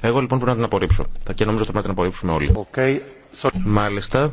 Εγώ λοιπόν πρέπει να την απορρίψω. Και νομίζω ότι πρέπει να την απορρίψουμε όλοι. Okay. Μάλιστα.